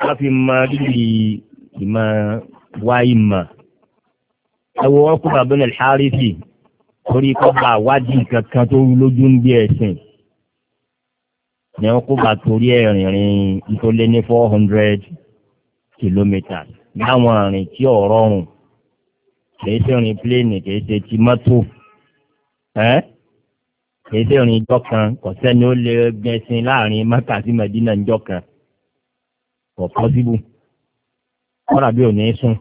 wọ́n fi mọ rírì ìmọ̀ wá ìmọ̀ ẹwọ́ wọn kó bàbá náà Al-Harithi torí kọ́ bá wádìí kankan tó rú lójú ń bí ẹ̀sìn ni wọ́n kó bá torí ẹ̀ rìnrìn tó lé ní four hundred kilometers láwọn àrìn tí ò rọrùn kìí ṣe rìn pléènì kìí ṣe ti mọ́tò kìí ṣe rìn ìjọ kan kò sẹ́ni ó lè gbẹ̀sìn láàrin Mẹ́kà sí Mẹ́dínà ìjọ kan kọ̀ọ̀kan sí ni kọ́ra bí òní sùn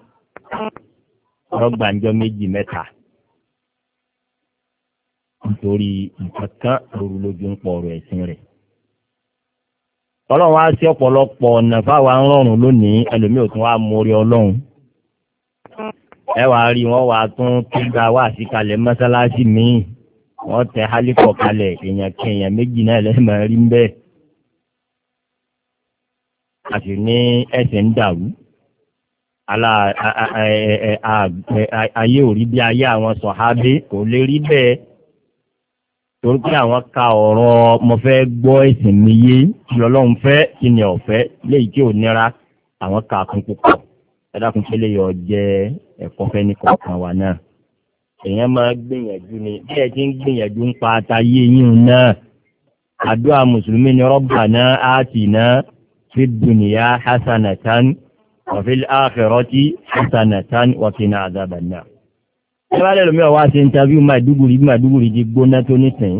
ọgbàǹjọ méjì mẹ́ta nítorí nǹkan kan lóru lójú ń pọ̀ ọ̀rọ̀ ẹ̀sìn rẹ̀ ọlọ́run á sí ọ̀pọ̀lọpọ̀ ọ̀nà fáwa ń rọrùn lónìí ẹlòmíì ò tún wá mórí ọlọ́run ẹ wá rí wọn wá tún kíga wá síkalẹ̀ mọ́sálásí míì wọ́n tẹ hálíkọ̀ kalẹ̀ èèyàn kẹyàn méjì náà lẹ́ẹ̀ máa rí bẹ́ẹ̀ àti ní ẹsẹ̀ ń dàrú ayé ò rí bí ayé àwọn sọ̀hábé kò lè rí bẹ́ẹ̀ torí pé àwọn ka ọ̀rọ̀ mo fẹ́ gbọ́ ẹ̀sìn mi yé kí lọ́lọ́run fẹ́ kí ni ọ̀fẹ́ léyìí tí ò nira àwọn ka kún púpọ̀ ẹ pé lè yọ jẹ ẹ̀kọ́ fẹ́ ní kọ̀ọ̀kan wa náà èèyàn máa gbìyànjú ni bí ẹ ti ń gbìyànjú ń pa àtàyé yín náà àdúrà mùsùlùmí ni rọ́bà náà áàtì náà fi dùnìyà hasanatan ọ̀fíl áàfẹ̀rọ́tí hasanatan wọ̀kínà àzàbànà. ẹ bá lẹ́lọ́mí ọ̀wá ṣe interview Maiduguri bí Maiduguri ti gbóná tó nìsín.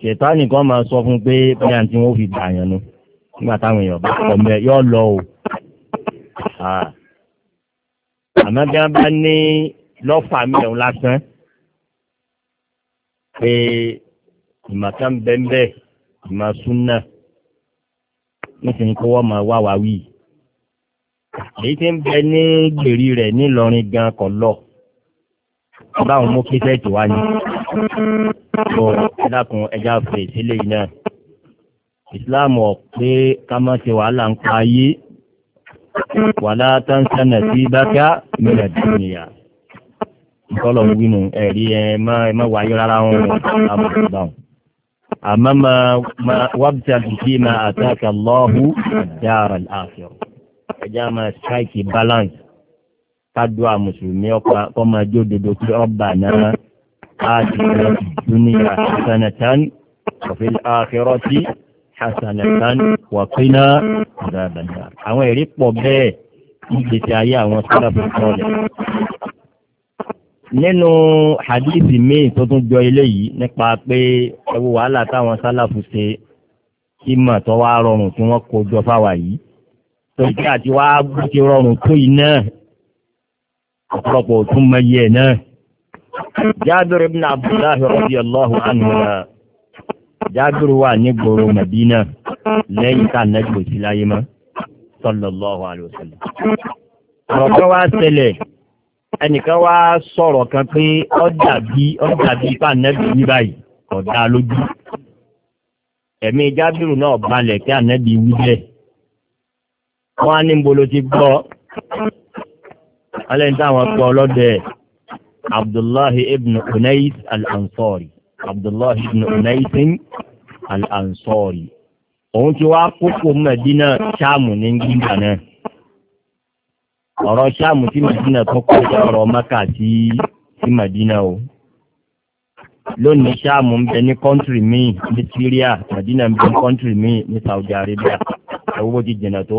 ṣètánì kan máa sọ fún pé bóyá tí wọ́n fi dààyàn nu nígbà táwọn èèyàn bá pọ̀ mẹ́ yọ lọ o. àmọ́ bí wọ́n bá ní lọ́fà mẹ́rin lásán pé ìmọ̀ká ń bẹ́ńbẹ́ ìmọ̀ súnà nísìnyí kó wọ́n máa wá wá wí. èyí tí ń bẹ ní gbèrí rẹ̀ nílọrin gan kọ̀ lọ. ọba àwọn mọ́kí sẹ́ẹ̀tì wá ní. bọ́ ẹ dákun ẹja fèrèsé lẹ́yìn náà. ìsìláàmù ọ̀pẹ́ ká má ṣe wàhálà ń pa ayé. wàhálà táǹsánà sí bákà mílẹ̀ dùnìyà. ìkọlọ̀ ń wínú ẹ̀rí ẹ̀ má wáyé rárá wọn àmọ́ wábítà bìkí máa àtàkà lọ́hù dára láàfẹ́rù ẹjá máa strike balance kájú àmùsùlùmí ọkọ̀ máa jó dodo pé ọba náà á ti rẹ̀ dúníyà hasanatan òfin àkẹrọtí hasanatan wàkínà ìdábàdà àwọn èrè pọ̀ bẹ́ẹ̀ ìgbésí ayé àwọn sábà bọ̀ sọ́ọ̀lẹ̀ nínú hadithi míì tó tún jọ eléyìí nípa pé ẹ wo wàhálà táwọn sálàfù ṣe kí mà tó wá rọrùn tí wọ́n kó jọ fáwa yìí tòkí àti wá bó ti rọrùn tó yìí náà ọ̀pọ̀lọpọ̀ ò tún mọ iye ẹ̀ náà. Jábìrì ibn Abdullah radiyallahu anhu wà ní gbòòrò Màdínà lẹ́yìn tá nẹ́gbò sí láyé mọ́ sallallahu alaihi wasallam. ọ̀rọ̀ kan wá ṣẹlẹ̀ ẹnìkan wá sọ̀rọ̀ kan pé ó dàbí ó dàbí pàǹdẹ́bì ní báyìí ọ̀dà lójú ẹ̀mí jábìrù náà balẹ̀ kí ànẹ́bì wí bẹ́ẹ̀ wọ́n á ní mbolo ti gbọ́ alẹ́ ní táwọn gbọ́ ọlọ́dẹ abdullahi ibn unais al-ansori abdullahi ibn unais al-ansori òun ti wá kókó mẹ́dínà sáàmù ní gíga náà ọ̀rọ̀ ṣáàmù tí màdínà tó kọjá ọ̀rọ̀ maka tí màdínà o lónìí ṣáàmù ń bẹ ní kọ́ńtìrì míì ní syria màdínà ń bẹ ní kọ́ńtìrì míì ní saudi arabia owó ti jìnà tó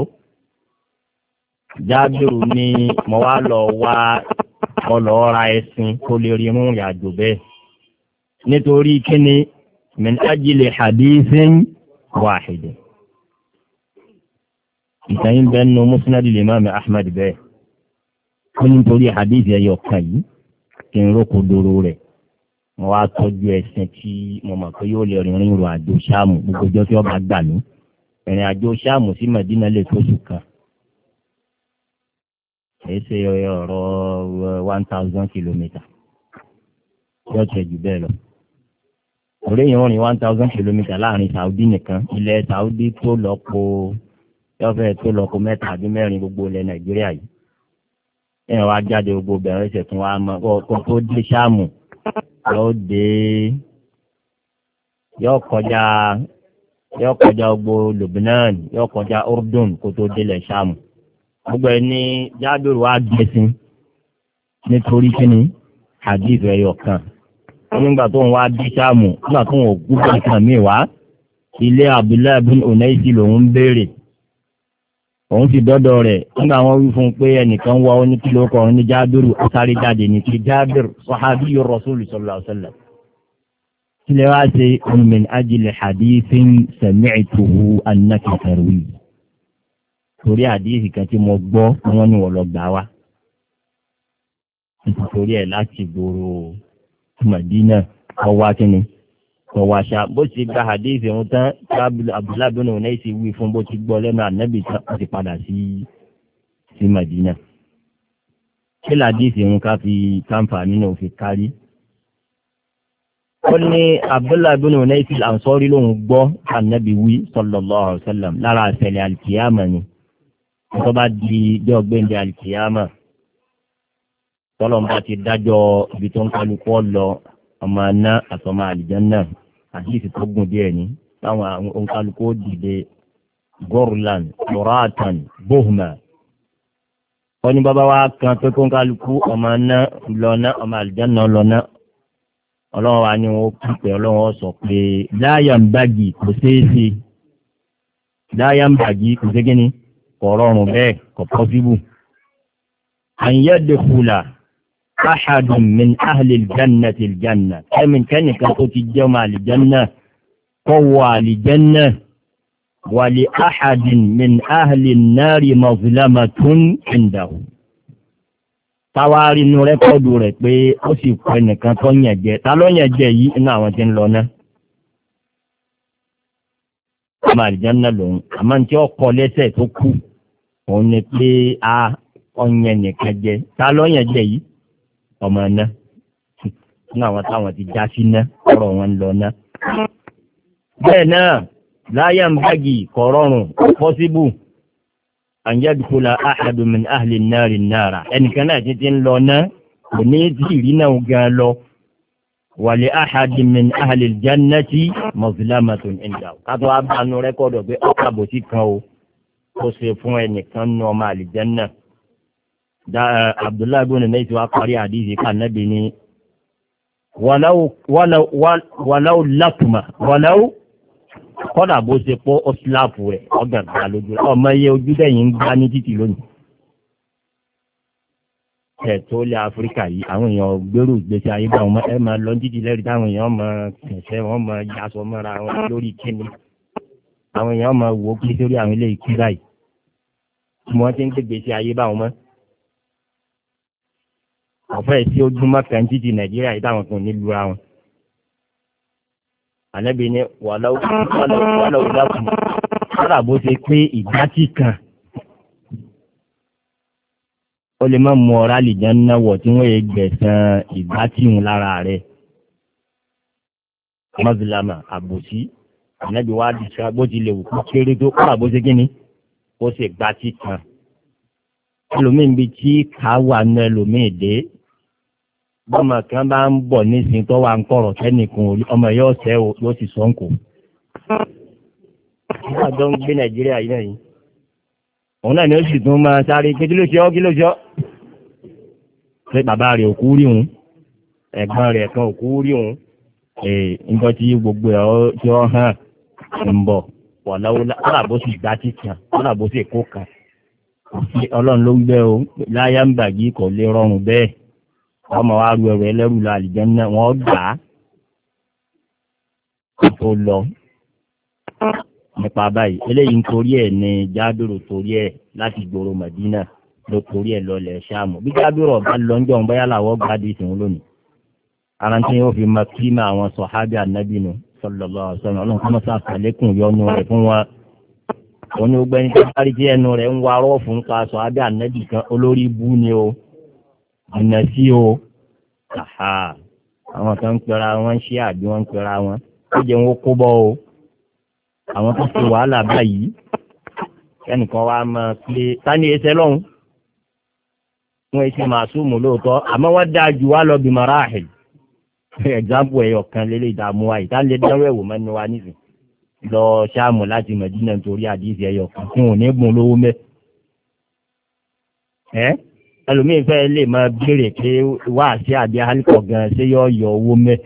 jábìrù ni mo wá lọ wá ọlọ́ ra ẹ̀sìn kó lè rí irun ìrìnàjò bẹ́ẹ̀ nítorí kíni min ajílẹ̀ hadithin wahid ìtàn yín bẹ́ẹ̀ nu musnad limami ahmed bẹ́ẹ̀ ó ní nítorí hadith ẹyọ kan yìí kí n rókò dòrò rẹ̀ mo wá tọ́jú ẹsẹ̀ tí mo mọ̀ pé yóò lè rìnrìn ìrò àjò sáàmù gbogbo ọjọ́ tí wọ́n bá gbà mí ìrìn àjò sáàmù sí mẹ̀dínà lè tóṣù kan kìí ṣe ọ̀rọ̀ uh, one thousand kilometer, yóò tẹ̀ jù bẹ́ẹ̀ lọ òré yìí wọ́n ní one thousand kilometer, láàrin Saudi nìkan ilẹ̀ Saudi tó lọ́pọ̀ yọ̀fẹ́ tó lọ́pọ̀ mẹ́ta àbí mẹ́rin gbogbo ilẹ̀ Nàìjíríà yìí ẹ̀yàn wá jáde gbogbo bẹ̀rẹ̀ ṣẹ̀ tún wá mọ́ ọkọ̀ tó dé sáàmù yóò dé yóò kọjá yóò kọjá gbogbo Lebanon yóò kọjá Urdun kó tó délẹ̀ sáàmù gbogbo ẹ̀ ní jábìrì wá gbẹ̀sìn nítorí kíni hadith ẹ̀yọ̀ kan nígbà tó ń wá dé sáàmù nígbà tó ń wò gbogbo nǹkan mi wá ilé Abdullahi bin Unaisi lòún béèrè òun ti dọ́dọ̀ rẹ̀ nígbà wọn wí fún un pé ẹnìkan wá ó ní kí ló kọ òun ní jábìrù ó sáré jáde ní ti jábìrù sọ́hábí yóò rọ́sùlù sọ́lá ọ̀sẹ̀lẹ̀. kí lè wá ṣe ọmọnìyàn ajílẹ̀ hadithin sami'tuhu annaka tarwi torí àdéhì kan tí mo gbọ́ ni wọ́n lọ gbà wá. nítorí ẹ̀ láti gbòòrò Màdínà ọwá kínní kọ̀wàṣà bó ti gba hadith ìhun tán abdullahi bin ounai ti wí fún bó ti gbọ́ lẹ́nu anabi tán ó ti padà sí sí madina kí hadith ìhun ká fi káǹfààní náà fi kárí. ó ní abdullahi bin ounai ti ansori lòun gbọ́ anabi wí sallallahu alayhi wa sallam lára àṣẹlẹ̀ alikiyama ni tó bá di jọ́ gbẹ̀ndẹ̀ alikiyama tọ́lọ́mọba ti dájọ́ ibi tó ń kálukú ọmọ aná àtọmọ àlìjánná àdìsí tó gùn díẹ̀ ni táwọn òǹkàlùkò dìde gorlan loratan bohma wọ́n ní bàbá wa kan pé kóńkàlùkù ọmọ ná lọ́nà ọmọ àlùjáná lọ́nà ọlọ́run wa ni wọ́n pípẹ́ ọlọ́run sọ pé láyàmbági kò ṣeé láyàmbági kò ṣe kí ni kò rọrùn bẹ́ẹ̀ kò pọ́síbù àyẹ̀dẹ̀kùlà ahadun min ahli aljanna ti aljanna ẹmin kẹ́nìkan tó ti jẹ́ ọmọ aljanna kọ́ wọ aljanna wà lè ahadin min ahli nari mazlamatun indahu tawari inú rẹ́kọ́dù rẹ̀ pé ó sì kọ́ ẹnìkan tó yàn jẹ́ ta ló yàn yìí inú àwọn tí ń lọ náà ọmọ lòun àmọ́ tí ó kọ lẹ́sẹ̀ tó kú òun ni pé a ọ̀yàn nìkan jẹ ta lọ́yàn jẹ yìí ọmọ ná fún àwọn táwọn ti já sí ná ọ̀rọ̀ wọn lọ ná. bẹ́ẹ̀ náà láyà ń bági kọ̀ rọrùn pọ́síbù àyẹ̀dùkúlà àhàdùmín àhàlì náà rìn náà ẹnìkan náà ti ti ń lọ ná kò ní tí ìrí náà gan lọ wàlẹ̀ àhàdìmìn àhàlìjánátì mọ̀sílámàtún ìjà kátó abánú rẹ́kọ̀dọ̀ pé ọkàbòsí kan o ó ṣe fún ẹnìkan nù ọmọ àlìjánà Eh, abdullahi bin naifi wa parí àdíjì ká nẹ́bí ní wàláwù lápùmá walau kọ́dà bó ṣe pọ́ ọ́síláàpù rẹ̀ ọgbàgbà lójú ọmọ iye ojú dẹ̀yìn ń gbá ní títì lónìí ẹ̀ tó lé áfíríkà yìí àwọn èèyàn gbèrú gbèsè ayé bá wọn ẹ máa lọ títì lẹ́rìí táwọn èèyàn mọ kẹsẹ́ wọn mọ yasọ mọ́ra wọn lórí kíni àwọn èèyàn mọ wò ó kí sórí àwọn ilé ìkúra yìí tí wọ́n ti ń gbèsè ayé bá wọn mọ́ ọ̀fẹ́ tí ó dúnmọ́ kan títí nàìjíríà yìí táwọn kan nílùú àwọn. ànábì ni wàláwù wàláwù dákun kọ́lá bó ṣe pé ìgbàtí kan ó lè má mú ọ̀rá lìjẹ́ náwọ̀ tí wọ́n yẹ gbẹ̀sán ìgbàtí ń lára rẹ̀. mọ́sílámà àbòsí ànábì wa dìṣà bó ti lè wù kó kéré tó kọ́lá bó ṣe ni ó ṣe gbàtí kan ẹlòmíì bíi tí kà wà nù ẹlòmíì dé bọ́mọ kan bá ń bọ̀ nísìnyí tó wà ń kọ̀rọ̀ sẹ́nìkan ọmọ yóò sẹ́ o yóò sì sọ́n kù. nígbà tó ń gbé nàìjíríà yìí náà yìí òun náà ni ó sì tún máa sáré kí ló ṣe ọ́ kí ló ṣe ọ́ pé bàbá rẹ̀ òkú rí òun ẹ̀gbọ́n rẹ̀ kan òkú rí òun nǹkan tí gbogbo ẹ̀ tí ó hàn ń bọ̀ wọ̀láwọ́lá kọ́là bó sì gbá títàn kọ́là sì kó kan ọlọ́run ló wí bẹ́ẹ̀ o láyà ń bàjí kò lè rọrùn bẹ́ẹ̀ ọmọ wa ru ẹrù ẹlẹ́rù la àlìjẹ́ náà wọ́n gbà á tó lọ nípa báyìí eléyìí nítorí ẹ̀ ní jábìrò torí ẹ̀ láti gbòòrò mọ̀dínà ló torí ẹ̀ lọlẹ̀ ṣáàmù bí jábìrò ọba lọ ń jọun báyà làwọ̀ gbádùn ìsìn lónìí ara yóò fi mọ kíma àwọn sọ̀hábì ànábìnú sọlọ́lọ́ sọ̀rọ̀ ọlọ́run kọ́mọ́sá àlékún yọnu rẹ̀ fún wọn òun ni gbogbo ẹni tó bá rí tí ẹnu rẹ̀ ń wa rọ́ọ̀fù ń pa aṣọ abẹ́ ànẹ́bì kan olórí ibú ni o ọ̀nà sí o àwọn kan ń pera wọn ṣé àbí wọn ń pera wọn ó jẹ́ wọn kó bọ́ o àwọn tó ṣe wàhálà báyìí kẹ́nìkan wá máa pé tani ẹsẹ̀ lọ́hùn wọn ṣe máa súnmù lóòótọ́ àmọ́ wọ́n dáa ju wá lọ bí mara àhẹ̀ ẹ̀gbáǹpù ẹ̀yọ̀ kan lélẹ̀ ìdààmú wa ìdánilẹ́dẹ́wẹ̀wò mẹ́nu wa nísìnyí lọ ṣáàmù láti mẹ̀dínà nítorí àdìsí ẹyọ kan fún òní gun lówó mẹ́. ẹ ẹlòmíín fẹ́ lè máa béèrè pé wá sí àbí alikọ̀ gan ṣé yọ yọ owó mẹ́